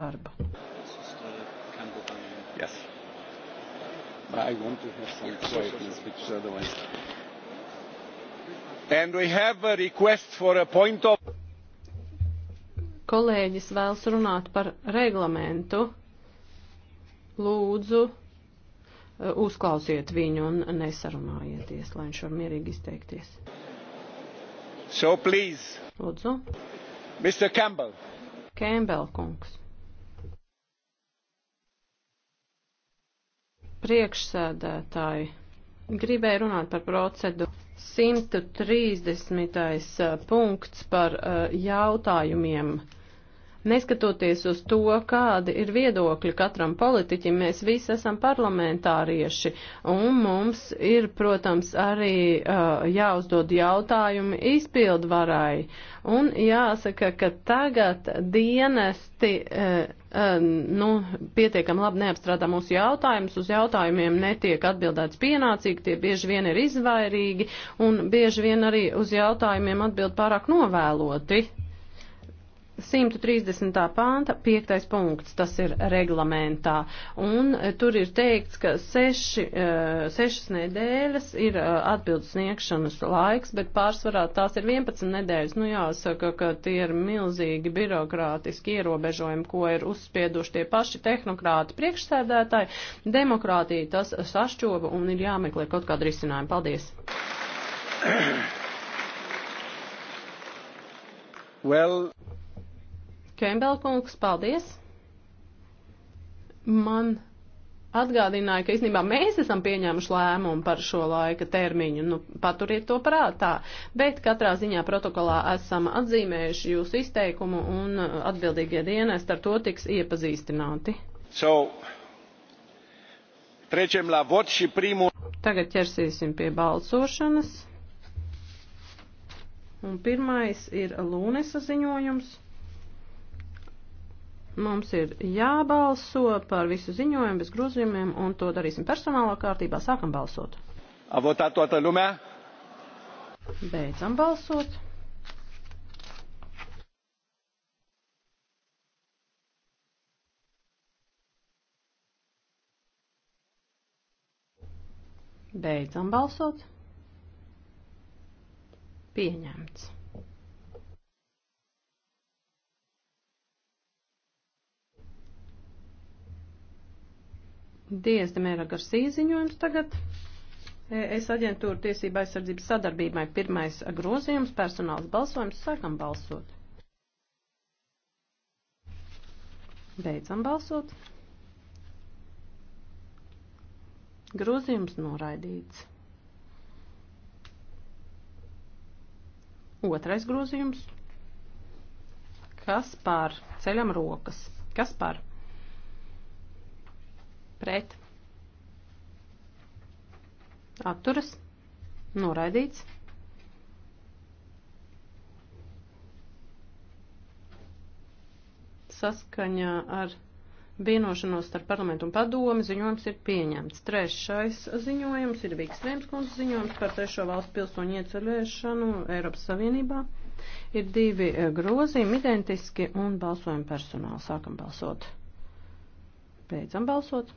darba. Yes. But I want to have some quietness because otherwise. And we have a request for a point of. Kolēģis vēlas runāt par reglamentu. Lūdzu, uh, uzklausiet viņu un nesarunājieties, lai viņš var mierīgi izteikties. So please. Lūdzu. Mr. Campbell. Campbell kungs. priekšsēdētāji. Gribēju runāt par procedūru. 130. Uh, punkts par uh, jautājumiem. Neskatoties uz to, kādi ir viedokļi katram politiķim, mēs visi esam parlamentārieši, un mums ir, protams, arī uh, jāuzdod jautājumi izpildvarai. Un jāsaka, ka tagad dienesti. Uh, nu, pietiekam labi neapstrādā mūsu jautājumus, uz jautājumiem netiek atbildēts pienācīgi, tie bieži vien ir izvairīgi un bieži vien arī uz jautājumiem atbild pārāk novēloti. 130. pānta, 5. punkts, tas ir reglamentā. Un e, tur ir teikts, ka seši, e, sešas nedēļas ir e, atbildes sniegšanas laiks, bet pārsvarā tās ir 11 nedēļas. Nu jāsaka, ka tie ir milzīgi birokrātiski ierobežojumi, ko ir uzspieduši tie paši tehnokrāti priekšsēdētāji. Demokrātija tas sašķoba un ir jāmeklē kaut kādu risinājumu. Paldies! Well. Kembelkungs, paldies! Man atgādināja, ka īstenībā mēs esam pieņēmuši lēmumu par šo laika termiņu. Nu, paturiet to prātā. Bet katrā ziņā protokolā esam atzīmējuši jūsu izteikumu un uh, atbildīgie dienesti ar to tiks iepazīstināti. So, primu... Tagad ķersīsim pie balsošanas. Un pirmais ir Lūnesa ziņojums. Mums ir jābalso par visu ziņojumu bez grozījumiem, un to darīsim personālā kārtībā. Sākam balsot. A votat toată lumea? Beidzam balsot. Beidzam balsot. Pieņemts. Dievs Demēra Garsī ziņojums tagad. Es aģentūru tiesība aizsardzības sadarbībai pirmais grozījums, personāls balsojums, sākam balsot. Beidzam balsot. Grozījums noraidīts. Otrais grozījums. Kas par ceļam rokas? Kas par? pret, atturas, noraidīts. Saskaņā ar vienošanos starp parlamentu un padomi ziņojums ir pieņemts. Trešais ziņojums ir Vīkstrēms kundzes ziņojums par trešo valstu pilsoņu ieceļošanu Eiropas Savienībā. Ir divi eh, grozījumi identiski un balsojam personāli. Sākam balsot. Beidzam balsot.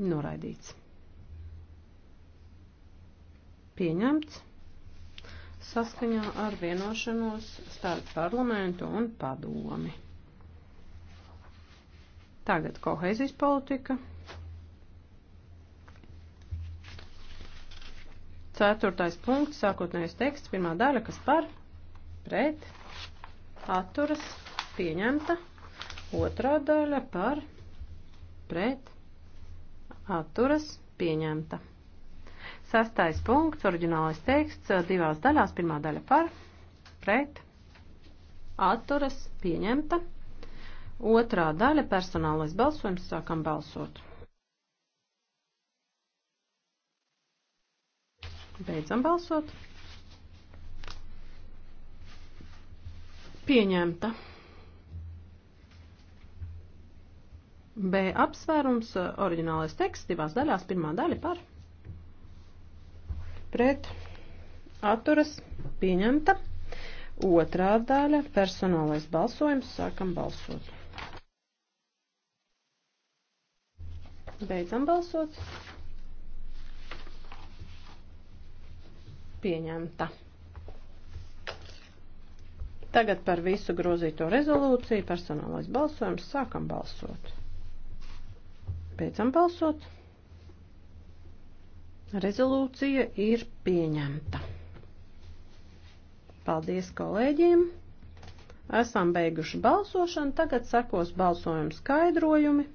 Noraidīts. Pieņemts saskaņā ar vienošanos starp parlamentu un padomi. Tagad kohēzijas politika. Ceturtais punkts, sākotnējais teksts, pirmā daļa, kas par, pret, atturas pieņemta. Otrā daļa par pret atturas pieņemta. Sastais punkts, oriģinālais teksts, divās daļās, pirmā daļa par pret atturas pieņemta. Otrā daļa personālais balsojums, sākam balsot. Beidzam balsot. pieņemta. B apsvērums, eh, oriģinālais teksts, divās daļās, pirmā daļa par pret atturas pieņemta, otrā daļa personālais balsojums, sākam balsot. Beidzam balsot. Pieņemta. Tagad par visu grozīto rezolūciju personālais balsojums sākam balsot. Beidzam balsot. Rezolūcija ir pieņemta. Paldies kolēģiem! Esam beiguši balsošanu, tagad sekos balsojumu skaidrojumi.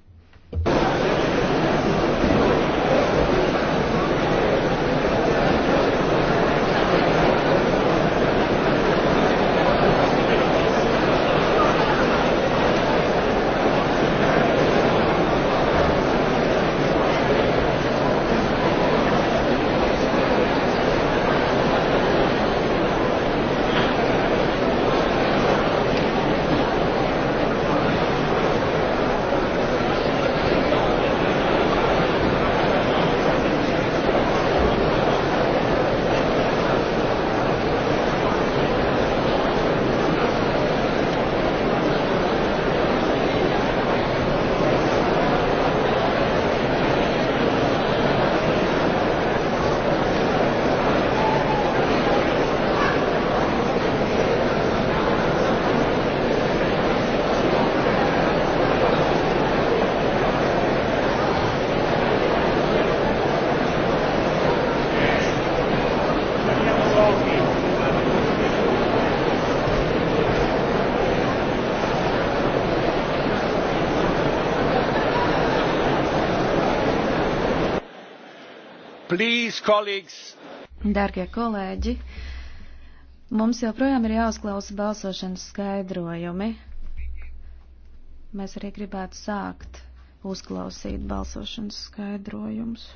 Please, Dargie kolēģi, mums joprojām ir jāuzklausa balsošanas skaidrojumi. Mēs arī gribētu sākt uzklausīt balsošanas skaidrojumus.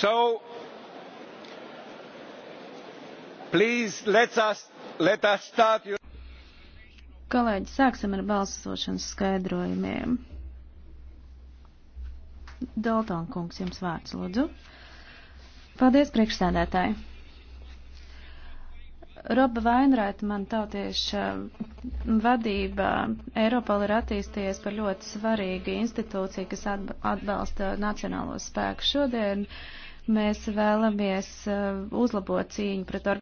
So, please, let us, let us start your... Kolēģi, sāksim ar balsošanas skaidrojumiem. Dalton kungs, jums vārds, lūdzu. Paldies, priekšsēdētāji. Roba Vainraita, man tautieša vadība, Eiropola ir attīstījies par ļoti svarīgu institūciju, kas atbalsta nacionālos spēkus. Šodien uh, Mēs vēlamies uh, uzlabot cīņu pret organizāciju.